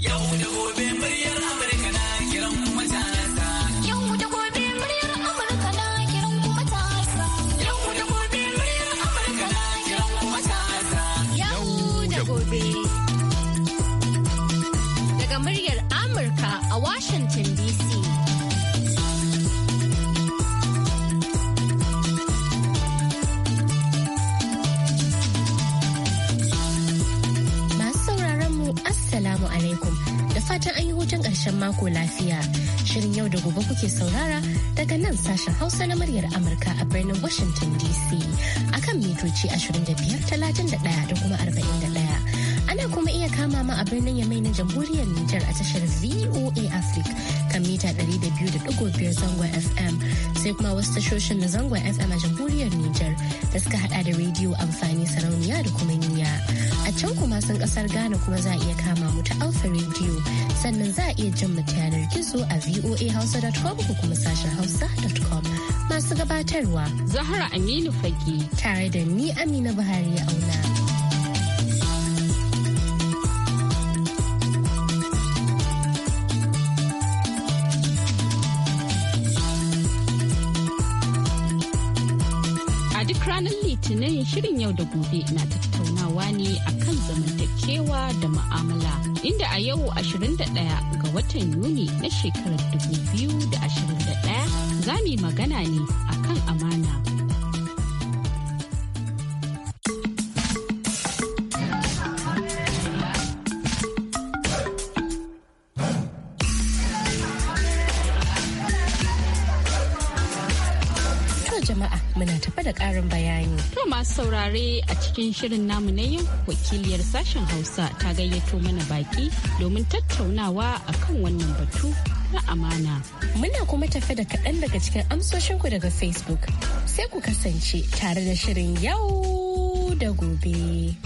要我会变没？mako lafiya. Shirin yau da gobe kuke saurara daga nan sashen Hausa na muryar Amurka a birnin Washington DC akan mitoci 25, 31 da kuma 41. Ana kuma iya kama ma a birnin Yamai na Jamhuriyar Nijar a tashar VOA Africa kan mita 200.5 zangon FM sai kuma wasu tashoshin na zangon FM a jamhuriyar Nijar da suka hada da rediyo amfani sarauniya da kuma niya. A can kuma sun kasar Ghana kuma za a iya kama mu ta Alfa rediyo sannan za a iya jin mu yanar gizo a voahausa.com ko kuma sashen hausa.com. Masu gabatarwa Zahra Aminu Fage tare da ni Amina Buhari ya Auna. shirin yau da gobe na tattaunawa ne akan zamantakewa da ma'amala inda a yau 21 ga watan Yuni na shekarar 2021 za mu yi magana ne akan amana. jama'a muna tafa da ƙarin bayani. To masu saurare a cikin shirin namu na yau wakiliyar sashen Hausa ta gayyato mana baki domin tattaunawa a kan wannan batu na amana. Muna kuma tafe da kaɗan daga cikin amsoshinku daga Facebook. Sai ku kasance tare da shirin yau da gobe.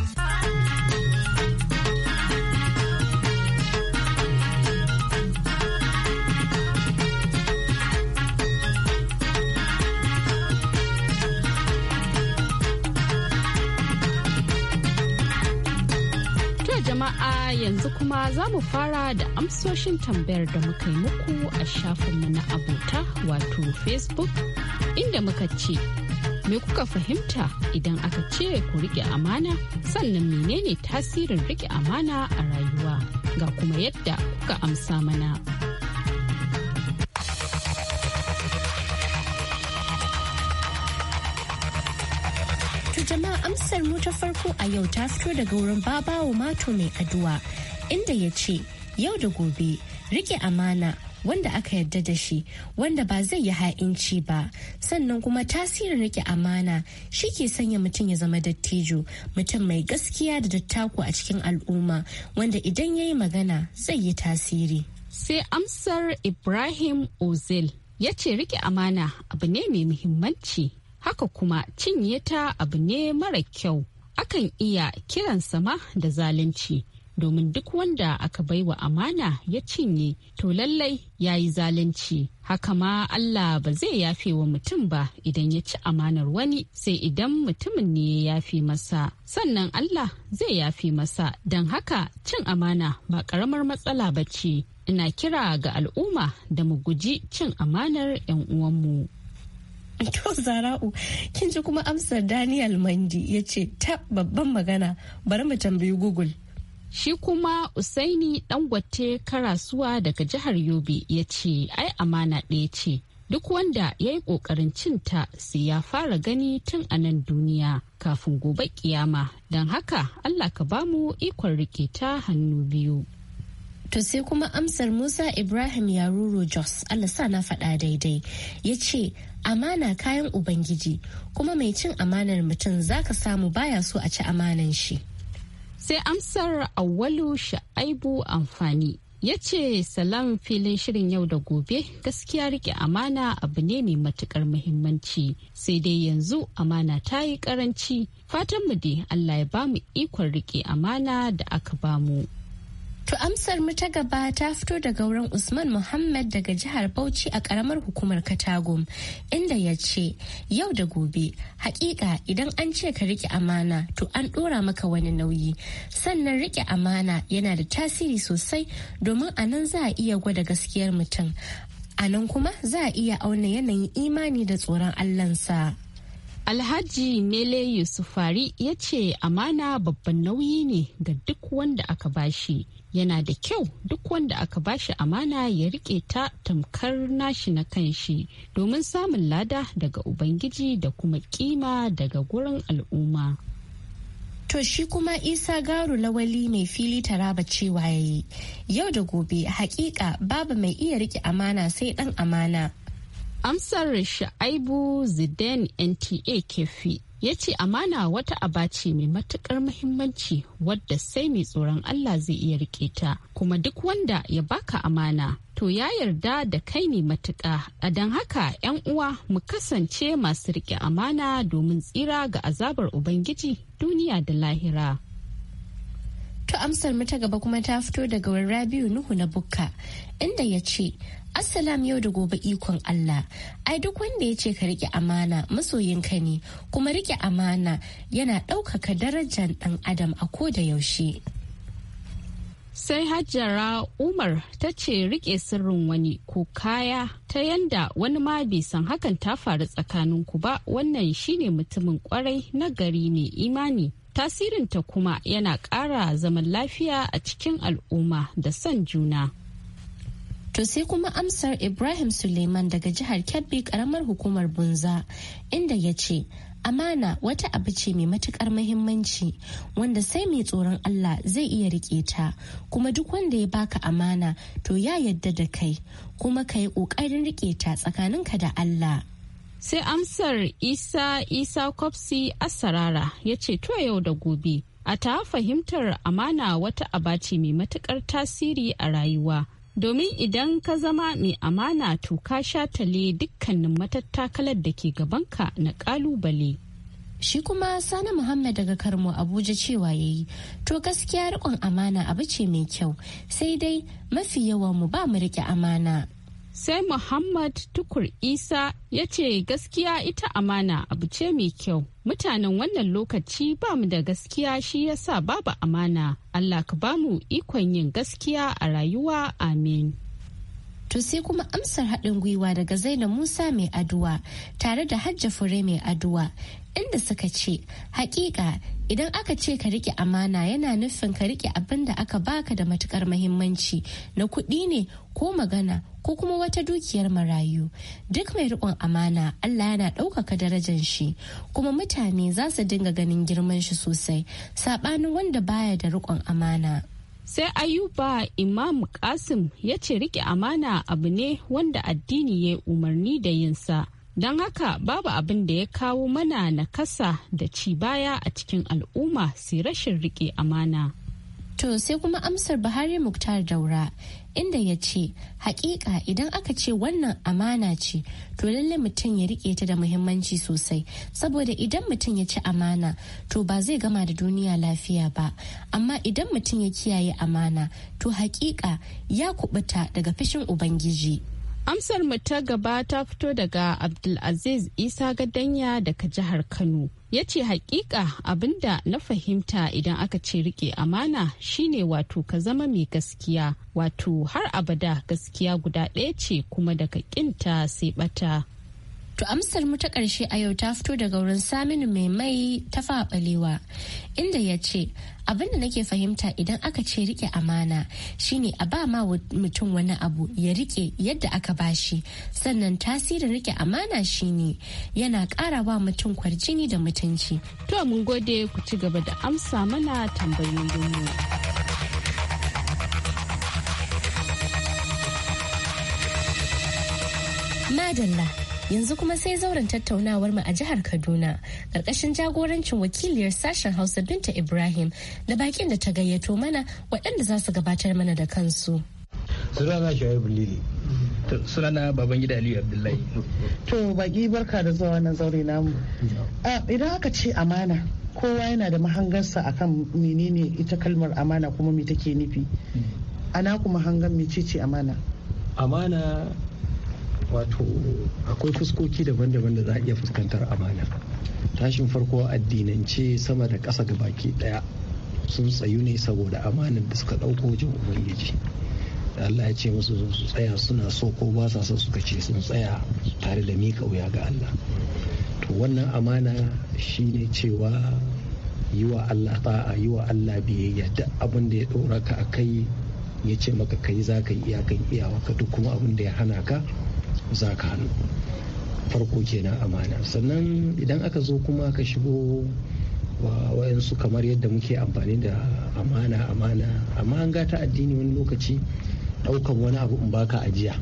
yanzu kuma za mu fara da amsoshin tambayar da muka yi muku a shafinmu na abota wato facebook inda muka ce me kuka fahimta idan aka ce ku rike amana sannan menene tasirin rike amana a rayuwa ga kuma yadda kuka amsa mana. To jama'a amsar mu ta farko a yau ta fito daga wurin babawo mato mai aduwa inda ya ce yau da gobe rike amana wanda aka yarda da shi wanda ba zai yi ha'inci ba sannan kuma tasirin rike amana shi ke sanya mutum ya zama dattijo mutum mai gaskiya da dattako a cikin al'umma wanda idan ya yi magana zai yi tasiri sai amsar ibrahim ozil ya ce rike amana abu ne mai muhimmanci haka kuma cinye ta abu ne mara kyau akan iya kiran sama da zalunci domin duk wanda aka baiwa amana ya cinye to lallai ya yi zalunci haka ma Allah ba zai yafe wa mutum ba idan ya ci amanar wani sai idan mutumin ne ya yafe masa sannan Allah zai yafe masa don haka cin amana ba ƙaramar matsala ba ce ina kira ga al'umma da mu guji cin amanar 'yan uwanmu. To Zara'u, kin ji kuma amsar Daniel Mandi ya ce ta babban magana bari mu tambayi Google. Shi kuma Usaini Dangote Karasuwa daga jihar Yobe ya ce ai amana ɗaya ce. Duk wanda ya yi ƙoƙarin cinta sai ya fara gani tun a nan duniya kafin gobe kiyama don haka Allah ka bamu ikon rike ta hannu biyu. To sai kuma amsar Musa Ibrahim Yaruro Jos, Allah sa na faɗa daidai, ya ce, amana kayan ubangiji kuma mai cin amanar mutum zaka samu baya so a ci amanan shi sai amsar awalu sha'aibu amfani ya ce salam filin shirin yau da gobe gaskiya rike amana abu ne mai matukar muhimmanci sai dai yanzu amana ta yi karanci mu dai allah ya bamu ikon rike amana da aka bamu. To amsar mu ta gaba ta fito daga wurin Usman Muhammad daga jihar Bauchi a karamar hukumar Katagum inda ya ce yau da gobe hakika idan an ce ka rike amana to an dora maka wani nauyi sannan rike amana yana da tasiri sosai domin a nan za a iya gwada gaskiyar mutum a nan kuma za a iya auna yanayin imani da tsoron Allahnsa. Alhaji Mele Yusufari ya ce amana babban nauyi ne ga duk wanda aka bashi. yana da kyau duk wanda aka bashi amana ya rike ta tamkar nashi na kanshi domin samun lada daga ubangiji da kuma kima daga gurin al'umma To shi kuma Isa Garu Lawali mai fili taraba cewa ya yi, yau da gobe hakika babu mai iya rike amana sai dan amana Amsar Sha'aibu Zidane NTA Kefi ya ce amana wata aba ce mai matukar muhimmanci wadda sai mai tsoron Allah zai iya rike ta kuma duk wanda ya baka amana to ya yarda da kai ne matuka a don haka 'yan uwa mu kasance masu rike amana domin tsira ga azabar ubangiji duniya da lahira to amsar mu ta gaba kuma ta fito daga Rabiu Nuhu na Bukka inda ya ce Assalam yau da gobe ikon Allah, ai duk wanda ya ce ka riƙe amana masoyinka ne kuma riƙe amana yana ɗaukaka darajar ɗan adam a ko da yaushe. Sai Hajjara Umar ta ce riƙe sirrin wani ko kaya ta yanda wani ma bai san hakan ta faru tsakanin ku ba wannan shine mutumin kwarai na gari ne imani. Tasirinta kuma yana ƙara zaman lafiya a cikin al'umma da son juna. To sai kuma amsar Ibrahim Suleiman daga jihar Kebbi karamar hukumar Bunza inda ya ce, Amana wata abu ce mai matukar mahimmanci wanda sai mai tsoron Allah zai iya rike ta kuma duk wanda ya baka amana to ya yadda da kai kuma ka yi ƙoƙarin rike ta tsakaninka da Allah. Sai amsar Isa Isa kopsi Asarara ya ce to yau da gobe. A ta fahimtar amana wata abaci mai matukar tasiri a rayuwa domin idan ka zama mai amana to ka shatale dukkanin matattakalar da ke gabanka na kalubale. Shi kuma Sani Muhammad daga Karmo Abuja cewa ya yi, to gaskiya riƙon amana abu ce mai kyau, sai dai mafi yawan mu ba mu riƙe amana. sai muhammad tukur isa ya ce gaskiya ita amana abu ce mai kyau mutanen wannan lokaci ba mu da gaskiya shi ya sa babu amana allah ka bamu ikon yin gaskiya a rayuwa amin to sai kuma amsar haɗin gwiwa daga zainab musa mai aduwa tare da hajja fure mai aduwa inda suka ce hakika idan aka ce ka rike amana yana nufin ka rike abin da aka baka da matukar mahimmanci na kuɗi ne ko magana ko kuma wata dukiyar marayu duk mai riƙon amana Allah yana ɗaukaka darajar shi kuma mutane za su dinga ganin girman shi sosai saɓanin wanda baya da rikon amana sai ayuba imam kasim ya ce rike amana abu ne wanda addini ya umarni da yinsa don haka babu abin da ya kawo mana nakasa da ci baya a cikin al'umma sai rashin rike amana. To sai kuma amsar Buhari Muktar Daura inda ya ce, hakika idan aka ce wannan amana ce, to lallai mutum ya rike ta da muhimmanci sosai, saboda idan mutum ya ci amana, to ba zai gama da duniya lafiya ba, amma idan mutum ya kiyaye amana, to hakika ya kubuta daga fishin Ubangiji. Amsar mu ta gaba ta fito daga Abdulaziz Isa Gadanya daga jihar Kano. Ya ce hakika abinda na fahimta idan aka ce rike amana shine wato ka zama mai gaskiya wato har abada gaskiya guda ɗaya ce kuma daga ƙinta sai bata. To amsar mu ta ƙarshe a yau ta fito daga wurin Saminu mai mai ta faɓalewa inda ya ce abin da nake fahimta idan aka ce rike amana shine a ba ma mutum wani abu ya rike yadda aka bashi sannan tasirin rike amana shine yana ƙara wa mutum kwarjini da mutunci. To mun gode ku ci gaba da amsa mana tambayoyin mu. Madalla yanzu kuma sai zauren tattaunawar mu a jihar kaduna karkashin jagorancin wakiliyar sashen hausa binta ibrahim da bakin da ta gayyato mana waɗanda za su gabatar mana da kansu sunana shaibu lili sunana baban gida aliyu abdullahi to baki barka da zuwa wannan zaure namu idan aka ce amana kowa yana da mahangarsa akan menene ita kalmar amana kuma me take nufi hmm. ana kuma hangar mece ce amana amana wato akwai fuskoki daban-daban da za a iya fuskantar amana tashin farko addinance sama da ƙasa ga baki ɗaya sun tsayu ne saboda amanar da suka ɗauko wajen ubangiji da Allah ya ce musu su tsaya suna so ko ba sa so suka ce sun tsaya tare da miƙa wuya ga Allah to wannan amana shine cewa yi wa Allah ta'a yi wa Allah biyayya duk abin da ya ɗora ka a kai ya ce maka kai za ka yi iyakan iyawa ka duk kuma abin da ya hana ka za ka hannu farko kenan amana sannan idan aka zo kuma ka shigo wayansu kamar yadda muke amfani da amana amana amma an gata addini wani lokaci daukan wani abu in baka ajiya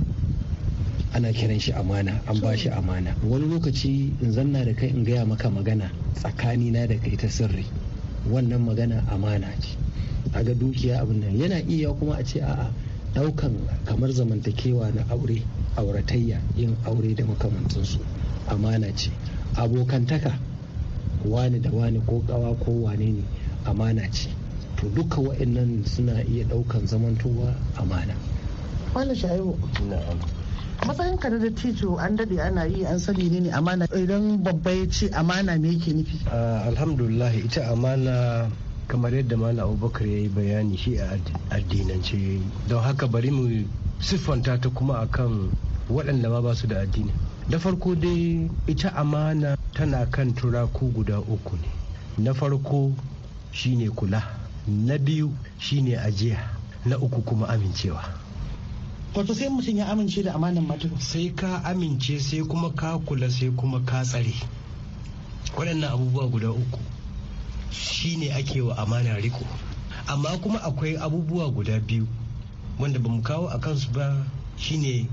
ana kiran shi amana an ba shi amana wani lokaci in zanna da kai in gaya maka magana tsakani na da kai ta sirri wannan magana amana ce a ga dukiya abin nan yana iya kuma a ce a'a daukan kamar zamantakewa na aure auratayya yin aure da makamantansu amana ce abokantaka wani da wani ko kawa ko wane ne amana ce to duka wa'annan suna iya daukan zamantowa amana wani shaibu matsayin ka da dattijo an dade ana yi an sani ne ne amana idan babba ya ce amana me yake nufi ah, alhamdulillah ita amana kamar yadda mana abubakar ya yi bayani shi a addinance don haka bari mu siffanta ta kuma akan waɗanda ma ba su da addini da farko dai ita amana tana kan turaku guda uku ne na farko shine kula na biyu shine ajiya na uku kuma amincewa wato sai mutum ya amince da amanan matu sai ka amince sai kuma ka kula sai kuma ka tsare waɗannan abubuwa guda uku shine ake wa amana riko amma kuma akwai abubuwa guda biyu wanda ba mu kawo a kansu ba shine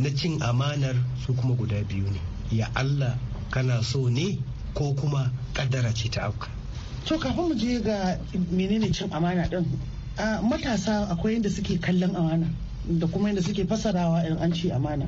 na cin amanar su kuma guda biyu ne ya Allah kana so ne ko kuma kaddara ce ta auka to kafin mu je ga menene cin amana din a matasa akwai yadda suke kallon amana da kuma yadda suke fasarawa in an ce amana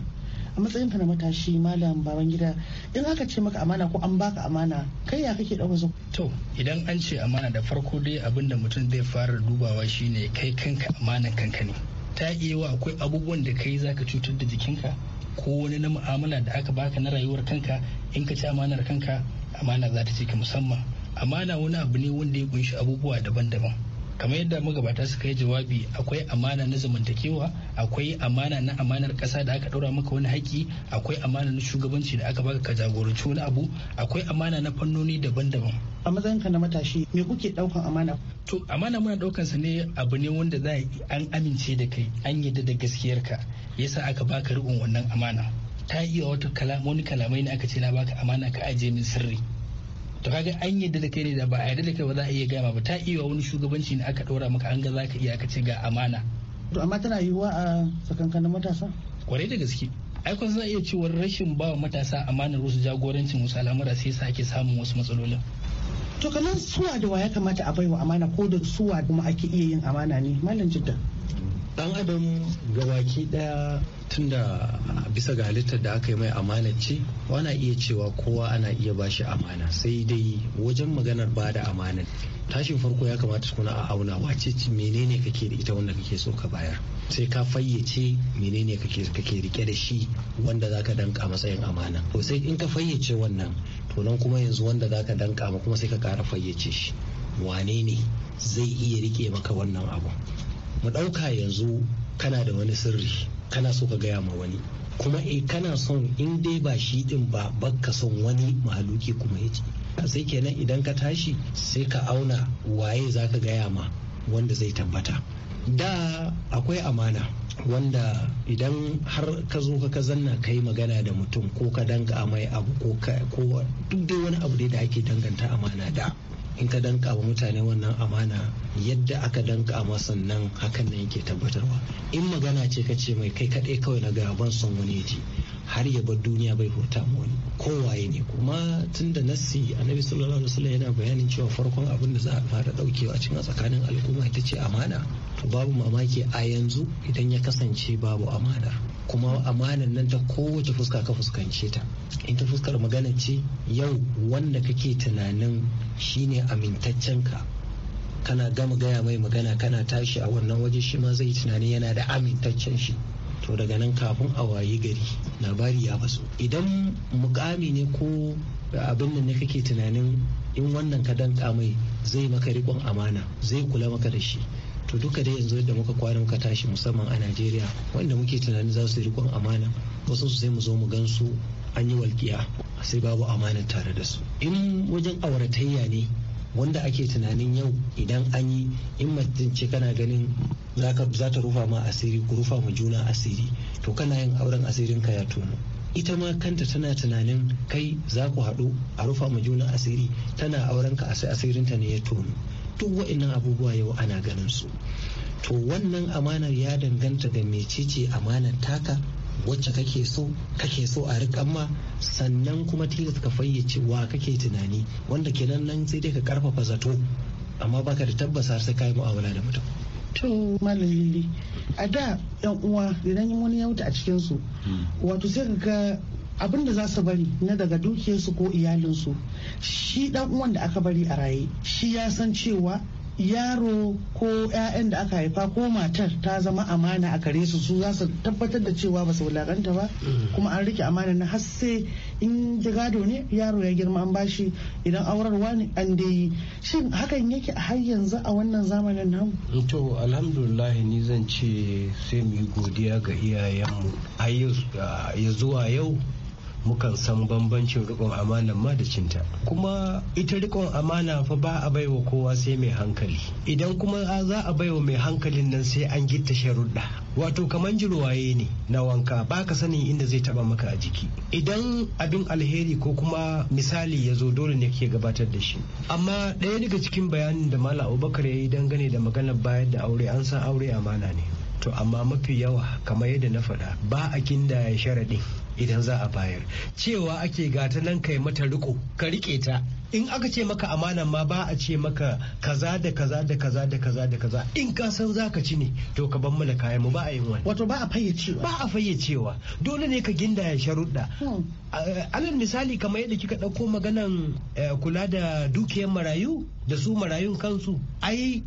a matsayin ka na matashi malam baban gida in aka ce maka amana ko an baka amana kai ya kake dauka zo to idan an ce amana da farko dai abinda mutum zai fara dubawa shine kai kanka amanan kanka ne ta iya akwai abubuwan da kai zaka cutar da jikinka ko wani na mu'amala da aka baka na rayuwar kanka in ka ci amanar kanka amana za ta ce ka musamman amana wani abu ne wanda ya kunshi abubuwa daban-daban kamar yadda magabata suka yi jawabi akwai amana na zamantakewa akwai amana na amanar ƙasa da aka ɗaura maka wani haƙƙi akwai amana na shugabanci da aka baka ka jagoranci wani abu akwai amana na fannoni daban-daban a ka na matashi me kuke ɗaukan amana to amana muna ɗaukan sa ne abu ne wanda za an amince da kai an yadda da gaskiyar ka yasa aka baka riƙon wannan amana ta iya wata wani kalamai ne aka ce na baka amana ka ajiye min sirri to kaga an yadda da kai ne da ba a yadda da kai ba za a iya gama ba ta iya wani shugabanci ne aka ɗora maka an ga za ka iya aka ce ga amana to amma tana yiwuwa a tsakankanin matasa kwarai da gaske ai kun za iya cewar rashin ba wa matasa amanar wasu jagorancin wasu al'amura sai sa ake samun wasu matsalolin to kanan suwa da wa ya kamata a baiwa amana ko da suwa kuma ake iya yin amana ne malam jidda dan adam gabaki daya da bisa ga halittar da aka yi mai amana ce wana iya cewa kowa ana iya bashi amana sai dai wajen maganar ba da amanar tashin farko ya kamata su kuna a auna wace menene kake da ita wanda kake so ka bayar sai ka fayyace menene kake kake rike da shi wanda zaka danka matsayin amana to sai in ka fayyace wannan to nan kuma yanzu wanda zaka danka kuma sai ka kara fayyace shi wane ne zai iya rike maka wannan abu mu ɗauka yanzu kana da wani sirri kana so ka gaya ma wani kuma e kana son in dai ba shi din ba bakka son wani mahaluki kuma ya ce sai kenan idan ka tashi sai ka auna waye za ka gaya ma wanda zai tabbata da akwai amana wanda idan har ka zo ka zanna ka yi magana da mutum ko ka danga mai abu ko duk dai wani abu da ake danganta amana da in ka danka wa mutane wannan amana yadda aka danka masa nan hakan nan yake tabbatarwa in magana ce ka ce mai kai kaɗai kawai na gaban son wani ya ji har ya bar duniya bai hota ma wani kowaye ne kuma tun da nassi annabi sallallahu alaihi wasallam yana bayanin cewa farkon abin da za a fara daukewa cikin tsakanin al'umma ita ce amana to babu mamaki a yanzu idan ya kasance babu amanar. kuma amanan nan ta kowace fuska ka fuskance ta in ta fuskar magana ce yau wanda kake tunanin shine amintaccen ka kana gama gaya mai magana kana tashi a wannan waje shi ma zai tunani yana da amintaccen shi to daga nan kafin a wayi gari labari ya faso idan mukami ne ko abin nan ne kake tunanin in wannan ka danka mai zai maka rikon amana zai kula maka da shi to duka dai yanzu da muka kwana muka tashi musamman a najeriya wanda muke tunanin za su yi rikon amana wasu su sai mu zo mu gan su an yi walƙiya sai babu amana tare da su in wajen auratayya ne wanda ake tunanin yau idan an yi in mutum ce kana ganin za ta rufa ma asiri ku rufa ma juna asiri to kana yin auren asirin ka ya tono ita ma kanta tana tunanin kai za ku haɗu a rufa ma juna asiri tana auren ka asirinta ne ya tono duk wa'annan abubuwa yau ana ganin su to wannan amanar ya danganta ga mecece amanar taka wacce kake so kake so a rika ma sannan kuma tilas ka fayyace wa kake tunani wanda kenan nan sai dai ka karfafa zato amma baka da tabbasa har sai kai mu'amala da mutum to malalili a da yan uwa idan wani ya wuta a cikin su hmm. wato sai ka abin da za su bari na daga dukiyarsu ko iyalinsu shi dan uwan da aka bari a raye shi ya san cewa yaro ko 'ya'yan da aka haifa ko matar ta zama amana a gare su su za su tabbatar da cewa ba su wulaƙanta ba kuma an rike amana na har in ji gado ne yaro ya girma an bashi idan aurarwa ne an yi shin hakan yake har yanzu a wannan zamanin namu to alhamdulillah ni zan ce sai mu yi godiya ga iyayenmu har ya zuwa yau mukan san bambancin rikon amana ma da cinta kuma ita rikon amana fa ba a baiwa kowa sai mai hankali idan kuma za a baiwa mai hankalin nan sai an gitta sharuɗa wato kaman jirwaye ne na wanka ba ka sanin inda zai taba maka a jiki idan abin alheri ko kuma misali ya zo dole ne ke gabatar da shi amma ɗaya daga cikin bayanin da Mala abubakar ya yi dangane da maganar bayar da aure an san aure amana ne to amma mafi yawa kamar yadda na faɗa ba a gindaya sharaɗin idan za a bayar cewa ake gata nan kai mata riko ka rike ta in aka ce maka amanan ma ba a ce maka kaza da kaza da kaza da kaza da kaza in ka san zaka ci ne to ka ban mana kayan mu ba a yin wani wato ba a fayyacewa ba a fayyacewa dole ne ka ginda gindaya sharuɗa hmm. alal misali kamar yadda kika ɗauko maganan eh, kula da dukiyar marayu da su marayun kansu ai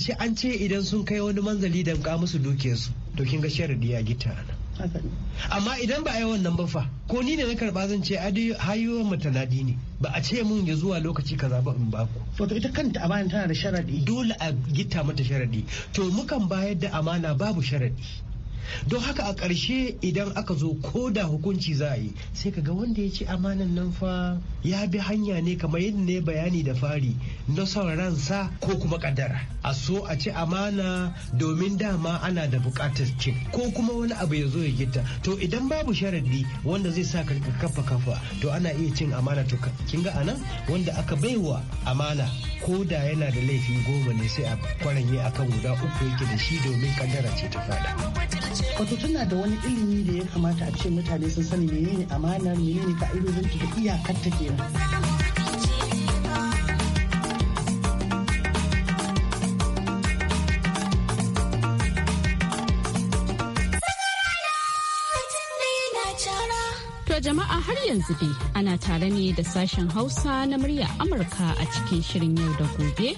shi an ce idan sun kai wani manzali ka musu dukiyarsu to kin ga sharadi ya gita nan amma idan ba a yi wannan ba fa ko ni ne na karba zan ce hayo matanadi ne ba a ce mun ya zuwa lokaci kaza ba in ba ku to ita kanta amana tana da sharadi dole a gita mata sharadi to mukan bayar da amana babu sharadi don haka a ƙarshe idan aka zo ko da hukunci za a yi sai ka ga wanda ya ci amanan nan fa ya bi hanya ne kamar yadda ne bayani da fari na son ransa ko kuma kaddara a so a ci amana domin dama ana da bukatar cin ko kuma wani abu ya zo ya gita to idan babu sharadi wanda zai sa ka kafa kafa to ana iya cin amana to kin ga anan wanda aka baiwa amana ko da yana da laifi goma ne sai a kwaranye akan guda uku yake da shi domin kaddara ce ta fada. wato tana da wani ilimi da ya kamata a ce mutane sun sani menene amana menene ka'idojin da iyakarta kenan a har yanzu dai ana tare ne da sashen Hausa na murya Amurka a cikin shirin yau da gobe.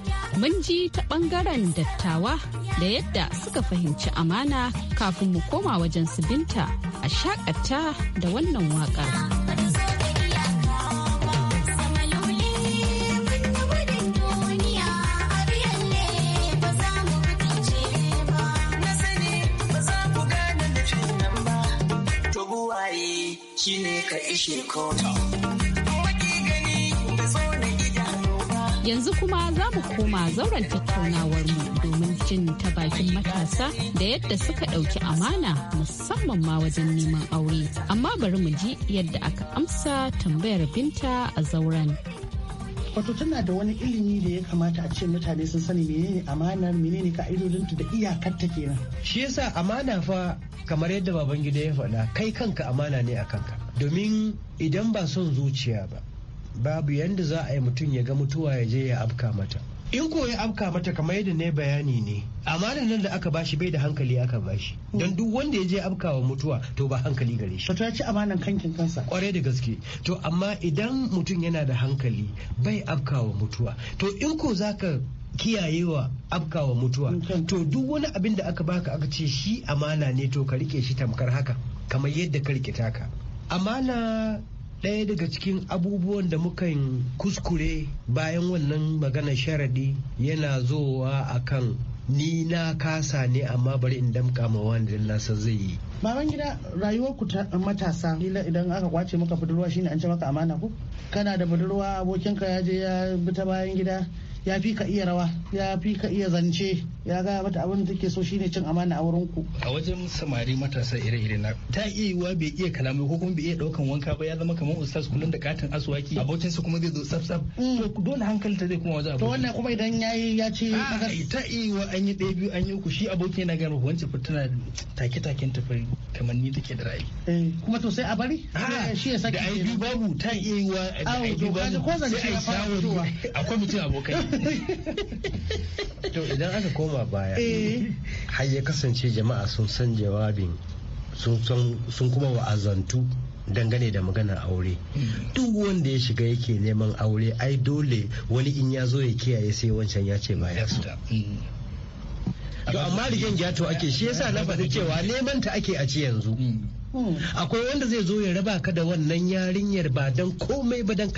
Mun ji ta bangaren dattawa da yadda suka fahimci amana kafin mu koma wajen su binta a shakata da wannan waƙar. ka ishe kota. Yanzu kuma za mu koma zauren tattaunawarmu domin jin ta bakin matasa da yadda suka ɗauki amana musamman ma wajen neman aure. Amma bari mu ji yadda aka amsa tambayar binta a zauren. wato tana da wani ilimi da ya kamata a ce mutane sun sani menene amana menene ka'idodinta da iyakar ta kenan shi yasa amana fa kamar yadda babangida ya faɗa kai kanka amana ne a kanka domin idan ba son zuciya ba babu yadda za a yi mutum ya ga mutuwa ya je ya afka mata in ko ya afka mata kamar yadda ne bayani ne amanan nan da aka bashi bai da hankali aka bashi don duk wanda ya je afkawa mutuwa to ba hankali gare shi to ta ci amanan kankin kansa kwarai da gaske to amma idan mutum yana da hankali bai afkawa mutuwa to in ko zaka kiyayewa afkawa mutuwa to duk wani abin da aka baka aka ce shi amana ne to ka rike shi tamkar haka kamar yadda ka rike taka amana ɗaya daga cikin abubuwan da muka kuskure bayan wannan magana sharadi yana zowa akan ni na kasa ne amma bari in damka ma wani da nasa zai yi baban gida rayuwar ku matasa kila idan aka kwace maka budurwa shine an ce maka amana ko kana da budurwa abokinka ya je ya bi ta bayan gida ya fi ka iya rawa ya fi ka iya zance ya gaya mata abin da take so shine cin amana a wurin ku a wajen samari matasa ire-ire na ta iya wa bai iya kalamai ko kuma bai iya daukan wanka ba ya zama kamar ustaz kullun da katin asuwaki abocin su kuma zai zo tsaf tsaf mm. to dole hankali ta zai kuma wajen to wannan kuma idan yayi ya ce ta iya wa an yi ɗaya biyu an yi uku shi abokin na gano wancan fitina take taken ta fari kamar ni take da ra'ayi eh, kuma to sai a bari ah, shi ya saki da ai biyu babu ta iya yiwa da ai biyu babu sai a shawari akwai mutum abokai to idan aka koma baya eh. har ya kasance jama'a sun san jawabin sun kuma wa'azantu dangane da maganar aure hmm. duk wanda ya shiga yake neman aure ai dole wani in ya zo ya kiyaye sai wancan ya ce ba ya so hmm. to amma rigen gyato ake shi yasa na faɗi cewa neman ta ake a ci yanzu hmm. akwai wanda zai zo ya raba ka da wannan yarinyar ba dan komai ba dan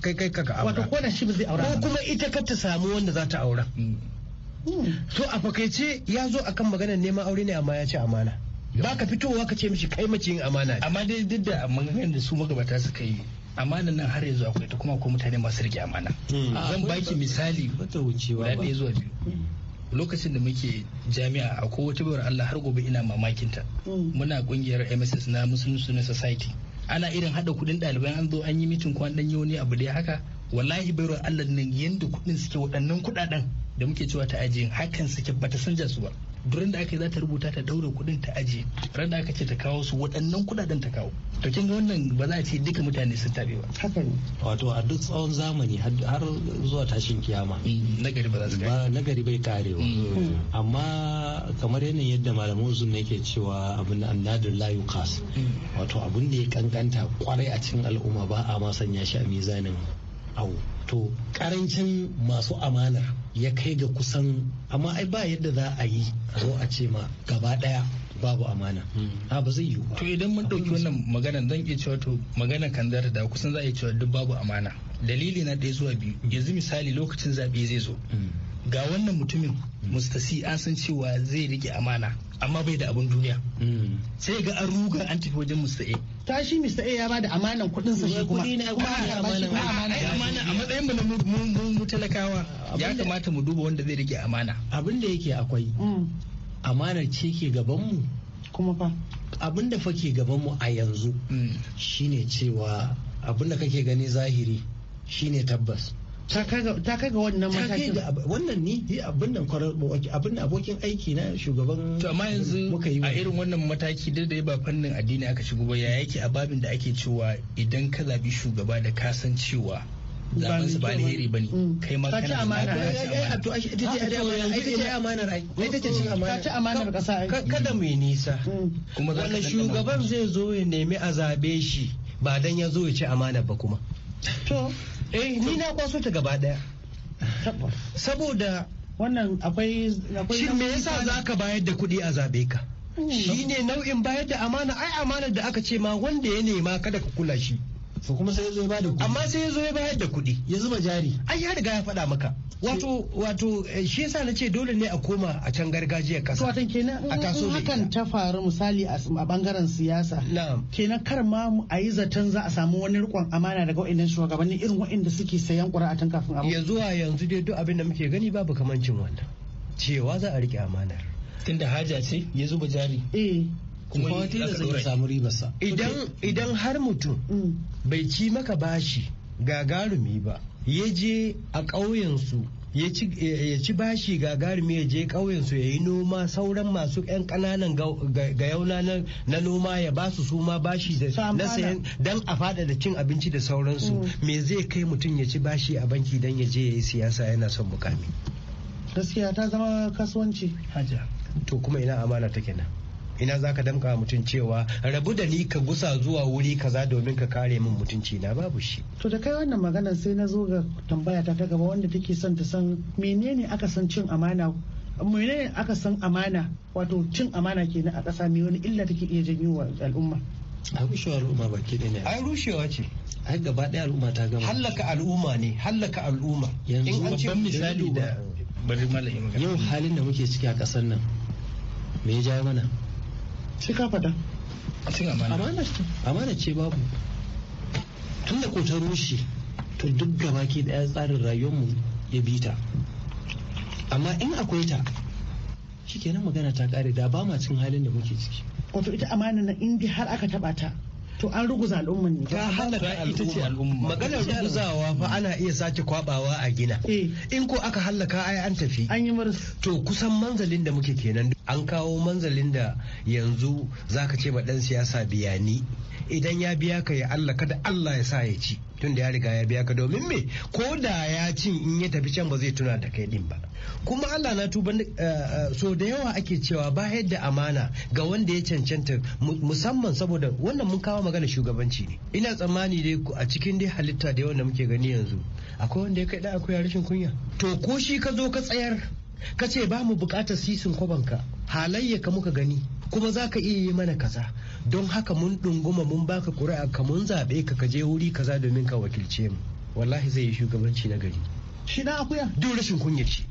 kai kai ka aura wato shi zai aura ko kuma ita ka ta samu wanda za ta aura mm. so a fakaice ya zo akan maganar neman aure ne amma ya ce amana ba ka fitowa ka ce mishi kai yin amana amma dai duk da maganar da su magabata suka yi amana nan har yanzu akwai ta kuma akwai mutane masu rike amana mm. zan baki misali guda ɗaya zuwa biyu mm. lokacin da muke jami'a a kowace bayar Allah har gobe ina mamakinta mm. muna kungiyar MSS na musulunci na society ana irin hada kudin ɗaliban an zo an yi mitin ko an dan yi wani abu dai haka wallahi bayar Allah nan yanda kudin suke waɗannan kudaden da muke cewa ta ajiyin hakan suke bata sanja su ba duran da aka yi za ta rubuta ta daura kuɗin ta aji ran da aka ce ta kawo su waɗannan kudaden ta kawo to kin wannan ba za a ce duka mutane sun tabe ba haka wato a duk tsawon zamani har zuwa tashin kiyama mm, nagari ba za su ba nagari bai karewa mm. amma kamar yanayin yadda malamu sun ne ke cewa abin da annadir layu kas mm. wato abin da ya kankanta kwarai a cikin al'umma ba a ma sanya shi a mizanin awo to karancin masu amanar ya kai ga kusan amma ai ba yadda za a yi zo a ce ma gaba daya babu amana hmm. a ba zai yiwu to idan mun dauki wannan magana zan iya cewa to magana kan zata da kusan za a iya cewa duk babu amana dalili na ɗaya zuwa biyu yanzu misali lokacin zaɓe zai zo hmm. ga wannan mutumin mustasi hmm. an san cewa zai rike amana amma bai da abin duniya sai ga an ruga an tafi wajen mustae ta shi Mr. A ya ba da amanan kuɗin sa shi kuma kuma amana a matsayin mu mu talakawa ya kamata mu duba wanda zai rike amana abin da yake akwai mm. amanar ce ke gaban mu kuma fa abin da fa ke gaban mu a yanzu mm. shine cewa abin da kake gani zahiri shine tabbas ta kai ga wannan matakin wannan ni yi abin nan abin da abokin aiki na shugaban to amma yanzu a irin wannan mataki da da ba fannin addini aka shigo ba ya yake a babin da ake cewa idan ka zabi shugaba da ka san cewa zaben su ba alheri bane mm. kai ma kana amana ai to ai ita ce amana ai ita ce cin amana ta amanar kasa ka kada mu nisa mm. kuma wannan shugaban zai zo ya nemi a zabe shi ba dan ya zo ya ci amana ba kuma to Eh, ni na kwaso ta gaba daya saboda wannan akwai shin me yasa za ka bayar da kuɗi a zabe ka hmm. shi ne nau'in bayar da amana ai amana da aka ce ma wanda ya nema kada ka kula shi so kuma sai yazo ya bada kuɗi amma sai yazo ya bayar da kuɗi ya zuba jari ai ya riga ya faɗa maka wato wato eh, shi yasa na ce dole ne a koma a can gargajiyar kasa watan kenan a taso da hakan ta faru misali a bangaren siyasa kenan kar ma a yi zaton za a samu wani rikon amana daga wa'annan shugabanni irin wa'anda suke sayan tun kafin abu Ya zuwa yanzu dai duk abin da muke gani babu kamancin wannan cewa za a rike amanar tunda haja ce ya zuba jari eh idan har mutum mm. bai ci maka bashi gagarumi ba ya je a ƙauyensu ya ci bashi gagarumi ya je ƙauyensu ya yi noma sauran masu 'yan ƙananan ga yauna na noma ya ba su suma bashi da sayan a fada da cin abinci da sauransu mm. me zai kai mutum ya ci bashi a banki don ya je ya yi siyasa yana son mukami gaskiya ta zama kasuwanci to kuma ina amana ta kenan ina za ka damka mutum cewa rabu da ni ka gusa zuwa wuri kaza domin ka kare min mutunci na babu shi to da kai wannan magana sai na zo ga tambaya ta ta gaba wanda take son ta san menene aka san cin amana menene aka san amana wato cin amana kenan a ƙasa me wani illa take iya janyo wa al'umma a rushewa al'umma ba ɗaya ne ai rushewa ce ai gaba ɗaya al'umma ta gama hallaka al'umma ne hallaka al'umma yanzu ban misali da bari malamin yau halin da muke ciki a ƙasar nan me ya jawo mana sai ka faɗa amana amana ce babu tun da kotar ta rushe to duk gaba ke daya tsarin rayuwarmu ya bi ta amma in akwai ta shikenan magana ta kare da ba ma cin halin da muke ciki wato ita amana na indi har aka taba ta to an ruguza al'umman ne ta halaka ita ce al'umma maganar ruguzawa fa ana iya sake kwabawa a gina eh. in ko aka halaka ai an tafi an yi to kusan manzalin da muke kenan an kawo manzalin da yanzu zaka ce ma dan siyasa biya ni idan ya biya ka ya Allah kada Allah ya sa ya ci tun da ya riga ya biya ka domin me ko da ya cin in ya tafi can ba zai tuna da kai din ba kuma Allah na tuba eh, eh, so da yawa ake cewa ba yadda amana ga wanda ya cancanta musamman saboda wannan mun kawo magana shugabanci ne ina tsammani dai a cikin dai halitta da yawan da muke gani yanzu akwai wanda ya kai da akwai rashin kunya to ko shi ka zo ka tsayar ka ce ba mu bukatar sisin kwabanka halayya ka muka gani kuma za ka iya yi mana kaza don haka mun ɗunguma mun baka ƙuri'a ka mun zaɓe ka ka je wuri kaza domin ka wakilce mu wallahi zai yi shugabanci na gari shi na akuya duk rashin kunya ce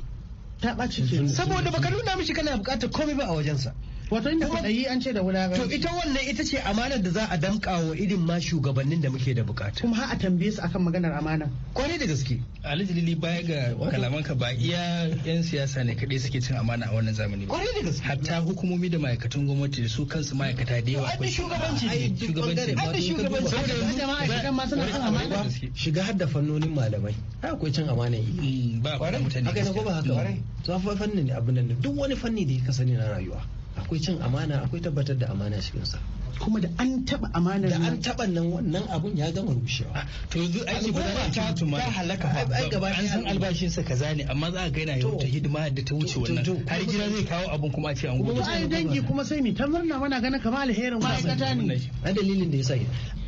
ta ɓaci saboda baka nuna mishi kana buƙatar komai ba a wajensa wato inda kwaɗayi an ce da wulaƙanci to ita wannan ita ce amanar da za a damƙa wa irin ma shugabannin da muke da bukata kuma har a tambaye su akan maganar amana kwarai da gaske alhaji lili baya ga kalaman ka ba iya yan siyasa ne kaɗai suke cin amana a wannan zamani ba kwarai da gaske hatta hukumomi da ma'aikatan gwamnati da su kansu ma'aikata da yawa akwai shugabanci ne shugabanci ne shugabanci ne ma'aikatan ma suna cin amana shiga har da fannonin malamai akwai cin amana mm, ba kwarai mutane haka ne ko ba haka ba mm. to fannin abin nan duk wani fanni da ya kasani na rayuwa akwai cin amana akwai tabbatar da amana cikinsa kuma da an taba amanar da an taba nan wannan abun ya gama rushewa ah, to yanzu aiki ba ta tuma ta halaka ai gaba an san albashin sa kaza ne amma za a ga yana yau ta hidima da ta wuce wannan har gida zai kawo abun kuma a ce an gudu kuma ai dangi kuma sai mi ta murna mana gana kamar alherin ma'aikata ne a dalilin da yasa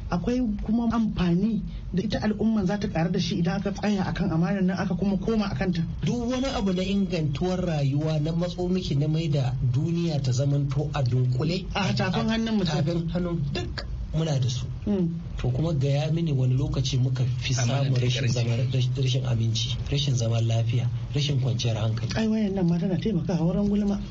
akwai kuma amfani da ita al'umman za ta karu da shi idan aka tsaya akan amanar nan aka kuma koma akan ta duk wani abu na ingantuwar rayuwa na matso na mai da duniya ta zamanto a dunkule a tafin hannun mutum duk muna da su hmm. to kuma gaya mini wani lokaci muka fi samun rashin aminci rashin zaman lafiya rashin kwanciyar hankali ai wayan nan ma tana taimakawa wurin gulma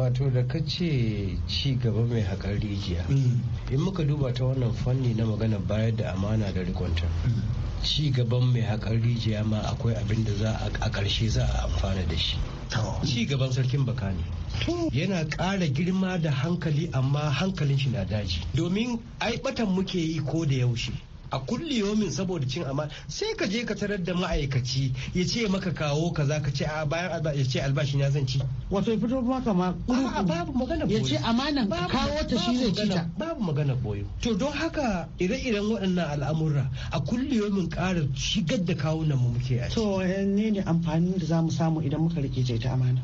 wato da ka ce ci gaba mai haƙar rijiya hmm. in muka duba ta wannan fanni na magana bayar da amana da rikonta hmm. ci gaban mai haƙar rijiya ma akwai abin da za a ƙarshe za a amfana da shi ci gaban sarkin baka ne yana ƙara girma da hankali amma hankalin shi na daji domin ai batan muke yi ko da yaushe a kulle yomin saboda cin amana sai ka je ka tarar da ma'aikaci ya ce maka kawo kaza ka ce a bayan ya ce albashi na zan ci wato ya fito maka ma babu magana boyo ya ce amanan kawo ta shi zai cita ta babu magana boyo to don haka ire-iren waɗannan al'amura a kulle yomin ƙara shigar da kawunan mu muke a to eh, ne ne amfani da za mu samu idan muka ce ta amana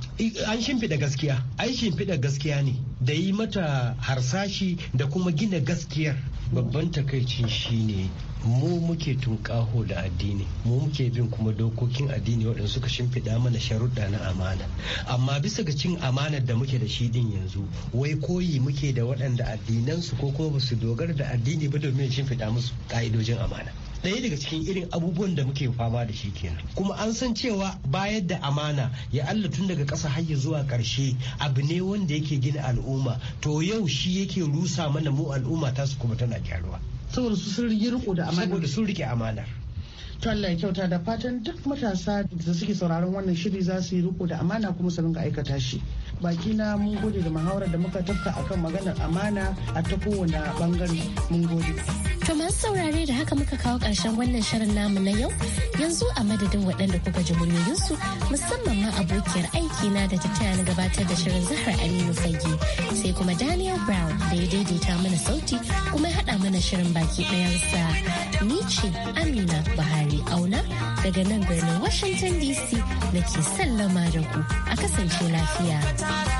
an shimfiɗa gaskiya An shimfiɗa gaskiya ne da yi mata harsashi da kuma gina gaskiyar babban takaicin shine mu muke tunƙaho da addini mu muke bin kuma dokokin addini waɗanda suka shimfiɗa mana sharuɗa na amana amma bisa ga cin amanar da muke da shi din yanzu wai koyi muke da waɗanda addinansu ko kuma ba su dogara da addini ba domin shimfiɗa musu ƙa'idojin amana ɗaya daga cikin irin abubuwan da muke fama da shi kenan kuma an san cewa bayar da amana ya Allah tun daga ƙasa har zuwa karshe abu ne wanda yake gina al'umma to yau shi yake rusa mana mu al'umma ta su kuma tana gyaruwa saboda su sun riko da amana saboda sun rike amana to Allah ya kyauta da fatan duk matasa da suke sauraron wannan shiri za su yi riko da amana kuma su rinka aikata shi baki na mun gode da muhawarar da muka tafka akan maganar amana a ta kowane bangare mun gode To masu saurare da haka muka kawo ƙarshen wannan shirin namu na yau yanzu a madadin waɗanda kuka ji muryoyinsu musamman ma abokiyar aiki na da ta taya na gabatar da shirin Zahra Aminu Fage sai kuma Daniel Brown da ya daidaita mana sauti kuma ya haɗa mana shirin baki ɗayansa. Ni ce Amina Buhari Auna daga nan birnin Washington DC nake sallama da ku a kasance lafiya.